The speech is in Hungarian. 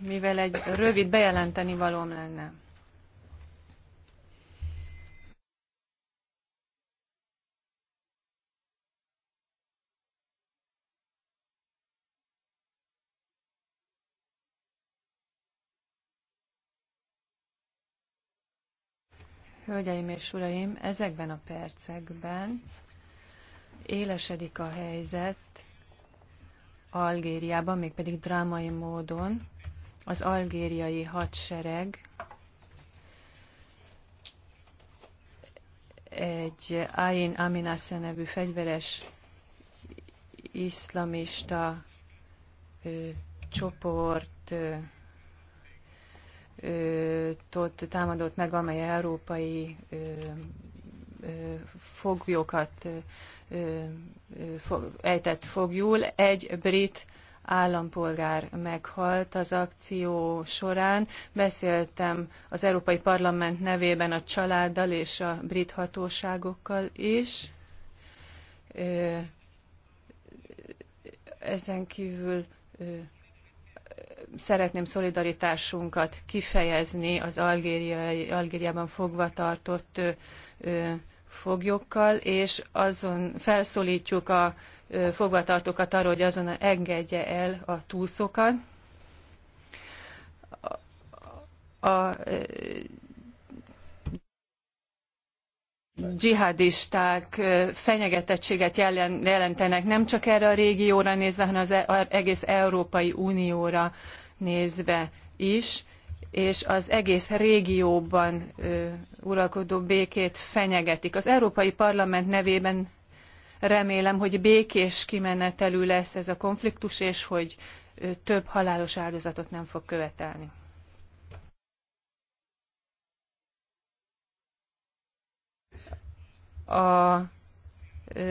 mivel egy rövid bejelenteni valóm lenne. Hölgyeim és uraim, ezekben a percekben élesedik a helyzet Algériában, mégpedig drámai módon az algériai hadsereg egy Ain Aminasa nevű fegyveres iszlamista ö, csoport ö, tot támadott meg, amely európai ö, ö, foglyokat ö, ö, fo, ejtett fogjul. Egy brit állampolgár meghalt az akció során. Beszéltem az Európai Parlament nevében a családdal és a brit hatóságokkal is. Ezen kívül szeretném szolidaritásunkat kifejezni az Algériai, Algériában fogvatartott foglyokkal, és azon felszólítjuk a fogvatartókat arra, hogy azon engedje el a túszokat. A, a dzsihadisták fenyegetettséget jelentenek nem csak erre a régióra nézve, hanem az e, egész Európai Unióra nézve is és az egész régióban uralkodó békét fenyegetik. Az Európai Parlament nevében remélem, hogy békés kimenetelű lesz ez a konfliktus, és hogy több halálos áldozatot nem fog követelni. A